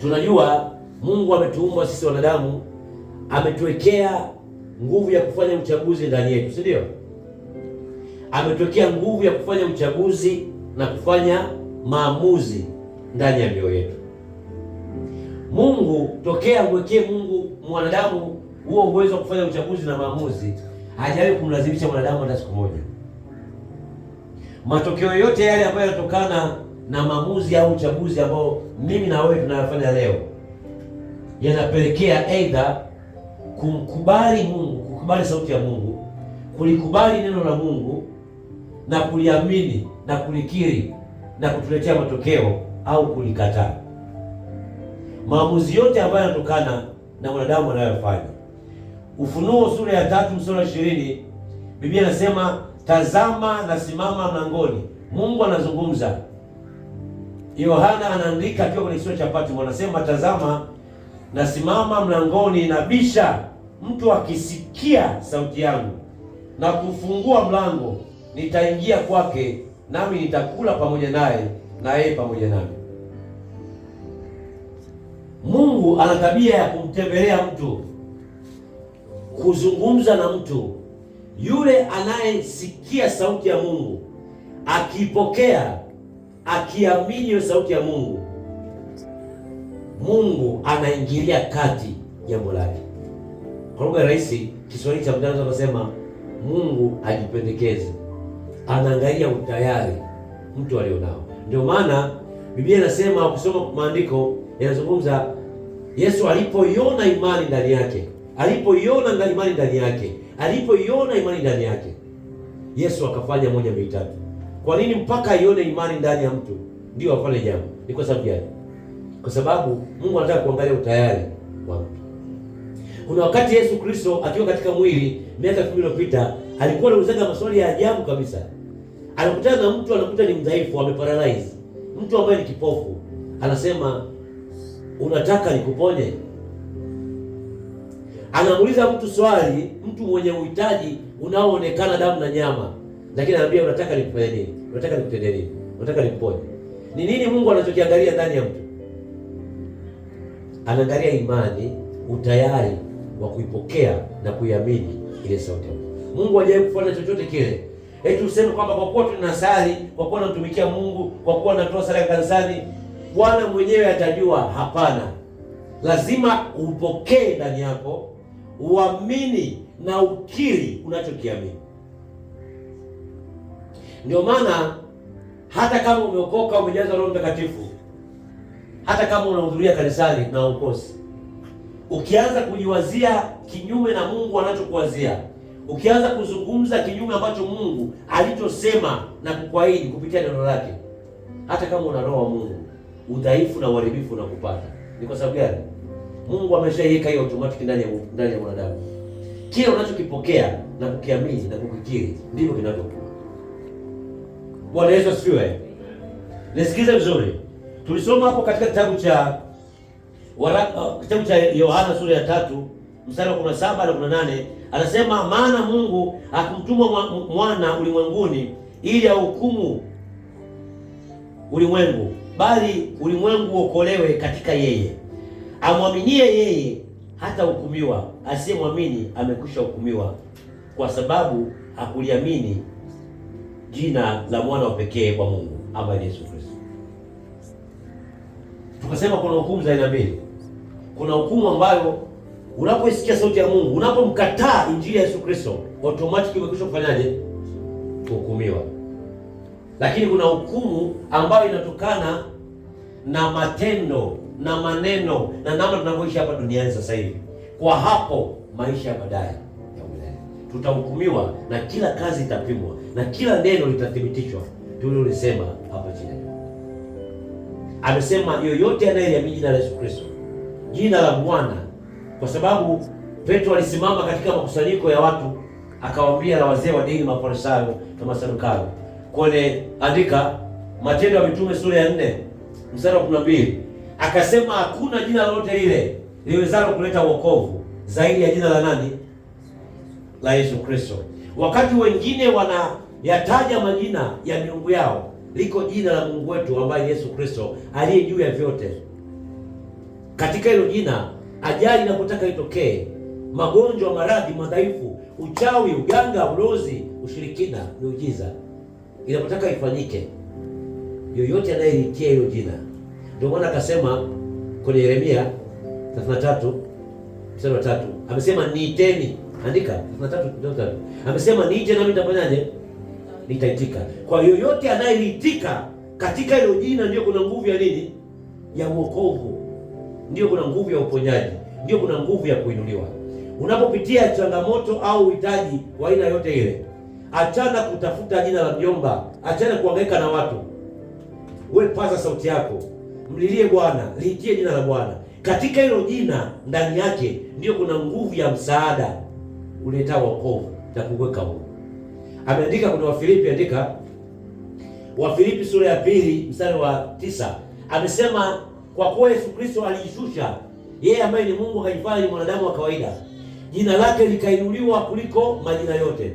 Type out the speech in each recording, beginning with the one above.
Tunajua Mungu ametuumba sisi wanadamu, ametuwekea nguvu ya kufanya uchaguzi ndani yetu, si ndio? Ametuwekea nguvu ya kufanya uchaguzi na kufanya maamuzi ndani ya mioyo yetu. Mungu tokea amwekee Mungu mwanadamu huo uwezo wa kufanya uchaguzi na maamuzi, hajawahi kumlazimisha mwanadamu hata siku moja. Matokeo yote yale ambayo yanatokana na maamuzi au uchaguzi ambao mimi na wewe tunayofanya leo yanapelekea aidha kumkubali Mungu, kukubali sauti ya Mungu, kulikubali neno la Mungu na kuliamini na kulikiri na kutuletea matokeo au kulikataa. Maamuzi yote ambayo yanatokana na mwanadamu anayofanya. Ufunuo sura ya tatu mstari wa ishirini Biblia inasema, tazama nasimama mlangoni. Mungu anazungumza Yohana anaandika akiwa kwenye kisiwa cha Patmo, anasema tazama, nasimama mlangoni na bisha mtu akisikia sauti yangu na kufungua mlango, nitaingia kwake, nami nitakula pamoja naye na yeye pamoja nami. Mungu ana tabia ya kumtembelea mtu, kuzungumza na mtu. Yule anayesikia sauti ya Mungu akipokea akiamini hiyo sauti ya Mungu, Mungu anaingilia kati jambo lake. Kwa lugha rahisi, Kiswahili cha mtaani anasema Mungu ajipendekeze, anaangalia utayari mtu alionao. Ndio maana Biblia inasema, kusoma maandiko yanazungumza, Yesu alipoiona imani ndani yake, alipoiona imani ndani yake, alipoiona imani ndani yake, Yesu akafanya moja mitatu kwa nini mpaka ione imani ndani ya mtu ndio afanye jambo? Ni kwa sababu gani? Kwa sababu Mungu anataka kuangalia utayari wa mtu. Kuna wakati Yesu Kristo akiwa katika mwili miaka elfu mbili iliyopita alikuwa anaulizaga maswali ya ajabu kabisa. Anakutana na mtu anakuta ni mdhaifu, ameparalyze, mtu ambaye ni kipofu, anasema unataka nikuponye? Anamuuliza mtu swali, mtu mwenye uhitaji unaoonekana damu na nyama, lakini anambia unataka nikufanye nini? Unataka nikutendee nini? Unataka nikuponye ni nini? Mungu anachokiangalia ndani ya mtu, anaangalia imani, utayari wa kuipokea na kuiamini ile sauti Mungu. Mungu hajawahi kufanya chochote kile eti useme kwamba kwa kuwa tunasali, kwa kuwa tunamtumikia Mungu, kwa kuwa natoa sala kanisani, Bwana mwenyewe atajua. Hapana, lazima upokee ndani yako, uamini na ukiri unachokiamini. Ndio maana hata kama umeokoka umejazwa Roho Mtakatifu, hata kama unahudhuria kanisani na ukosi, ukianza kujiwazia kinyume na Mungu anachokuwazia, ukianza kuzungumza kinyume ambacho Mungu alichosema na kukuahidi kupitia neno lake, hata kama una roho wa Mungu, udhaifu na uharibifu unakupata. Ni kwa sababu gani? Mungu ameshaiweka hiyo automatic ndani ya ndani ya mwanadamu. Kile unachokipokea na kukiamini na kukikiri ndivyo kinavyokuwa. Bwana Yesu asifiwe. Nisikize vizuri, tulisoma hapo katika kitabu cha waraka, uh, kitabu cha Yohana sura ya tatu mstari wa 17 na 18, anasema maana Mungu hakumtuma mwana ulimwenguni ili ahukumu ulimwengu, bali ulimwengu uokolewe katika yeye. Amwaminie yeye hata hukumiwa, asiyemwamini amekwisha hukumiwa, kwa sababu hakuliamini jina la mwana wa pekee kwa Mungu ambaye ni Yesu Kristo. Tukasema kuna hukumu za aina mbili. Kuna hukumu ambayo unapoisikia sauti ya Mungu, unapomkataa injili ya Yesu Kristo, automatically umekwisha kufanyaje? Kuhukumiwa. Lakini kuna hukumu ambayo inatokana na matendo na maneno na namna tunavyoishi hapa duniani sasa hivi. Kwa hapo maisha ya baadaye ya milele tutahukumiwa, na kila kazi itapimwa na kila neno litathibitishwa tulilolisema hapa chini. Amesema yoyote anayeliamini jina la Yesu Kristo, jina la Bwana, kwa sababu Petro alisimama katika makusanyiko ya watu akawaambia na wazee wa dini, Mafarisayo na Masadukayo, kwenye andika Matendo ya Mitume sura ya 4 mstari wa 12, akasema hakuna jina lolote lile liwezalo kuleta wokovu zaidi ya jina la nani? La Yesu Kristo. Wakati wengine wana yataja majina ya miungu yao, liko jina la Mungu wetu ambaye Yesu Kristo aliye juu ya vyote. Katika hilo jina ajali kutaka itokee, magonjwa, maradhi, madhaifu, uchawi, uganga, ulozi, ushirikina, miujiza inapotaka ifanyike, yoyote anayelitia hilo jina. Ndio maana akasema kwenye Yeremia 33 mstari wa 3 amesema niiteni, andika 33 amesema niite nami nitafanyaje? litaitika. Kwa yoyote anayeliitika katika hilo jina, ndio kuna nguvu ya nini? Ya uokovu, ndio kuna nguvu ya uponyaji, ndio kuna nguvu ya kuinuliwa. Unapopitia changamoto au uhitaji wa aina yote ile, achana kutafuta jina la mjomba, achana kuangaika na watu. Wewe paza sauti yako, mlilie Bwana, liitie jina la Bwana. Katika hilo jina, ndani yake ndiyo kuna nguvu ya msaada uleta wokovu na kuweka ameandika kwenye Wafilipi, andika Wafilipi sura ya pili mstari wa tisa amesema kwa kuwa Yesu Kristo alijishusha yeye ambaye ni Mungu akajifanya ni mwanadamu wa kawaida, jina lake likainuliwa kuliko majina yote.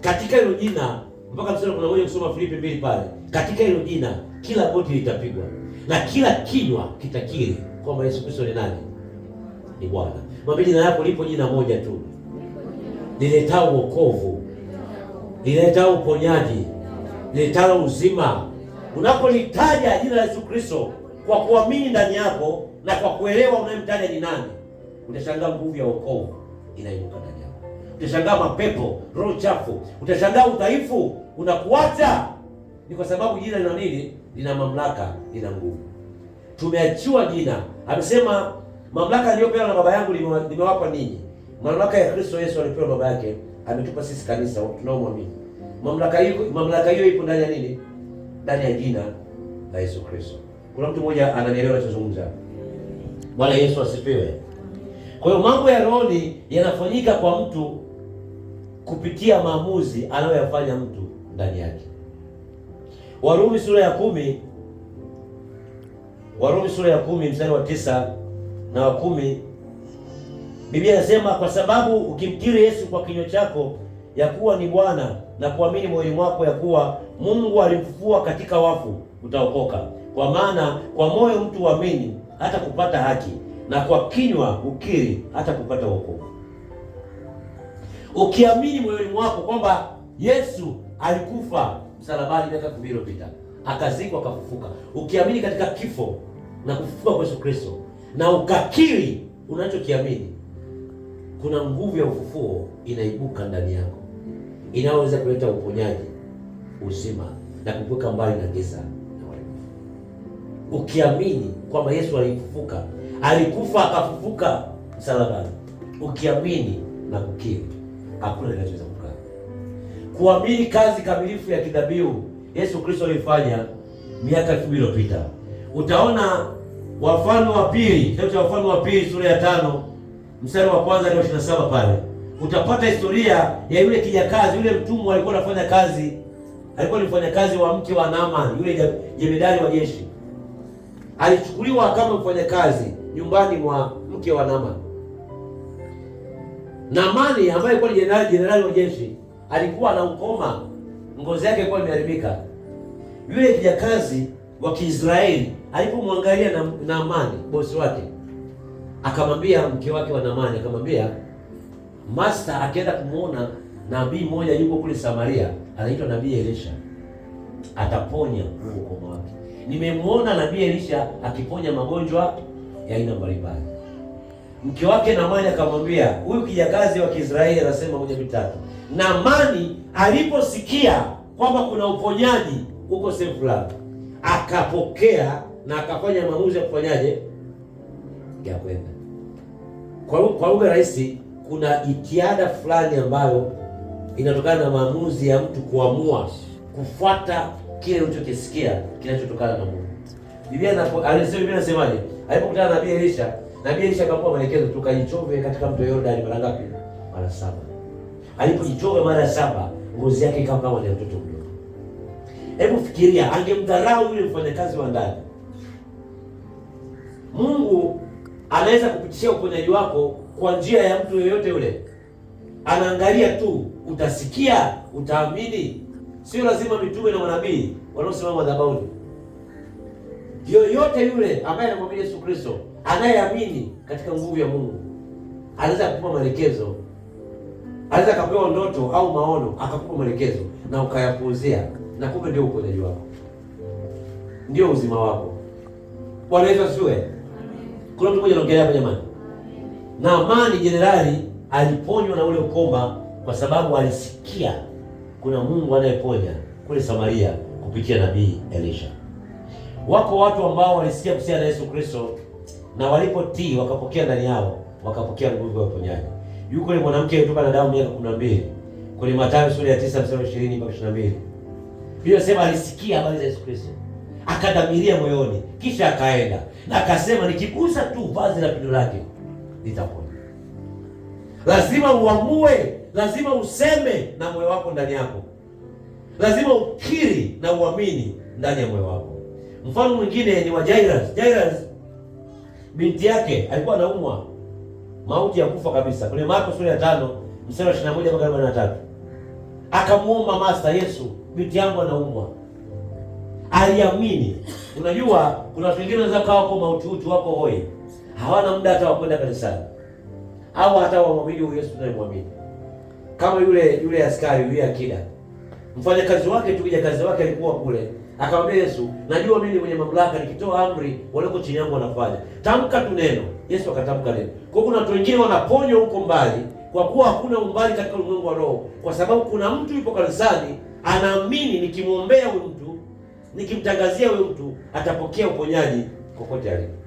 Katika hilo jina, mpaka mstari kuna moja kusoma Filipi mbili pale, katika hilo jina kila goti litapigwa na kila kinywa kitakiri kwamba Yesu Kristo ni nani? Ni Bwana. Mwambie jina lako lipo jina moja tu liletao wokovu liletao uponyaji, liletao uzima. Unapolitaja jina la Yesu Kristo kwa kuamini ndani yako na kwa kuelewa unayemtaja ni nani, utashangaa nguvu ya wokovu inainuka ndani yako, utashangaa mapepo, roho chafu, utashangaa udhaifu unakuacha. Ni kwa sababu jina lina nini? Lina mamlaka, lina nguvu. Tumeachiwa jina, amesema mamlaka aliyopewa na baba yangu limewapa ninyi, mamlaka ya Kristo Yesu alipewa baba yake, ametupa sisi kanisa tunaomwamini. Mamlaka hiyo mamlaka hiyo ipo ndani ya nini? Ndani ya jina la Yesu Kristo. Kuna mtu mmoja ananielewa ninachozungumza. Bwana Yesu asifiwe. Kwa hiyo mambo ya roho yanafanyika kwa mtu kupitia maamuzi anayoyafanya mtu ndani yake. Warumi sura ya kumi Warumi sura ya kumi mstari wa tisa na wa kumi Biblia inasema kwa sababu ukimkiri Yesu kwa kinywa chako ya kuwa ni Bwana na kuamini moyoni mwako ya kuwa Mungu alimfufua katika wafu, utaokoka. Kwa maana kwa moyo mtu huamini hata kupata haki, na kwa kinywa ukiri hata kupata wokovu. Ukiamini moyoni mwako kwamba Yesu alikufa msalabani miaka elfu mbili iliyopita akazikwa, akafufuka, ukiamini katika kifo na kufufuka kwa Yesu Kristo na ukakiri unachokiamini, kuna nguvu ya ufufuo inaibuka ndani yako inayoweza kuleta uponyaji, uzima na kukuweka mbali na giza na uharibifu. Ukiamini kwamba Yesu alifufuka, alikufa akafufuka msalabani, ukiamini na kukiri, hakuna kinachoweza kukaa. Kuamini kazi kamilifu ya kidhabihu Yesu Kristo alifanya miaka elfu mbili iliyopita. Utaona Wafalme wa Pili, kitabu cha Wafalme wa Pili sura ya tano mstari wa kwanza hadi wa ishirini na saba pale utapata historia ya yule kijakazi, yule mtumwa alikuwa anafanya kazi, alikuwa ni mfanyakazi wa mke wa Naaman, yule jemedari wa jeshi. Alichukuliwa kama mfanyakazi nyumbani mwa mke wa Naaman. Naamani ambaye alikuwa ni jenerali, jenerali wa jeshi alikuwa na ukoma, ngozi yake ilikuwa imeharibika. Yule kijakazi wa Kiisraeli alipomwangalia Naamani bosi wake, akamwambia mke wake wa Naamani, akamwambia Master akienda kumwona nabii mmoja yuko kule Samaria, anaitwa nabii Elisha, ataponya ukoma wake. Nimemwona nabii Elisha akiponya magonjwa ya aina mbalimbali. Mke wake namani akamwambia, huyu kijakazi wa Kiisraeli anasema moja mitatu. namani aliposikia kwamba kuna uponyaji huko sehemu fulani, akapokea na akafanya maamuzi ya kufanyaje ya kwenda. Kwa lugha rahisi kuna jitihada fulani ambayo inatokana na maamuzi ya mtu kuamua kufuata kile ulichokisikia kinachotokana na Mungu. Biblia Biblia inasemaje? Alipokutana na nabii Elisha, nabii Elisha akampa maelekezo, tukajichove katika mto Yordani mara ngapi? Mara saba. Alipojichove mara saba, ngozi yake ikawa kama ya mtoto mdogo. Hebu fikiria, angemdharau yule mfanyakazi wa ndani. Mungu anaweza kupitishia uponyaji wako kwa njia ya mtu yoyote yule. Anaangalia tu, utasikia, utaamini. Sio lazima mitume na manabii wanaosimama madhabahuni. Yoyote yule ambaye anamwamini Yesu Kristo, anayeamini katika nguvu ya Mungu, anaweza kupewa maelekezo, anaweza akapewa ndoto au maono, akakupa maelekezo na ukayapuuzia, na kumbe ndio uponyaji wako, ndio uzima wako. Bwana Yesu asiwe. Kuna mtu mmoja anaongelea hapa jamani. Naamani jenerali aliponywa na ule ukoma kwa sababu alisikia kuna Mungu anayeponya kule Samaria kupitia nabii Elisha. Wako watu ambao walisikia kusiana na Yesu Kristo na walipotii wakapokea ndani yao, wakapokea nguvu ya uponyaji. Yuko ile mwanamke alitupa na damu miaka 12 kwenye Mathayo sura ya 9 mstari 20 mpaka 22. Biblia sema alisikia habari za Yesu Kristo, akadhamiria moyoni, kisha akaenda na akasema, nikigusa tu vazi la pindo lake nitapona. Lazima uamue, lazima useme na moyo wako ndani yako, lazima ukiri na uamini ndani ya moyo wako. Mfano mwingine ni wa Jairus. Jairus binti yake alikuwa anaumwa mauti ya kufa kabisa, kwenye Marko sura ya tano mstari wa 21 mpaka 43. Akamuomba Masta Yesu, binti yangu anaumwa. Aliamini. Unajua kuna wengine wanaweza kawa kwa mauti utu wako hoi hawana muda hata wa kwenda kanisani au hata wamwamini huyu Yesu tunayemwamini, kama yule yule askari yule akida, mfanyakazi wake tu kija kazi wake alikuwa kule, akamwambia Yesu, najua mimi ni mwenye mamlaka, nikitoa amri walioko chini yangu wanafanya, tamka tu neno. Yesu akatamka neno. Kwa kuna watu wengine wanaponywa huko mbali, kwa kuwa hakuna umbali katika ulimwengu wa roho, kwa sababu kuna mtu yupo kanisani anaamini, nikimwombea huyu mtu, nikimtangazia huyu mtu atapokea uponyaji kokote alipo.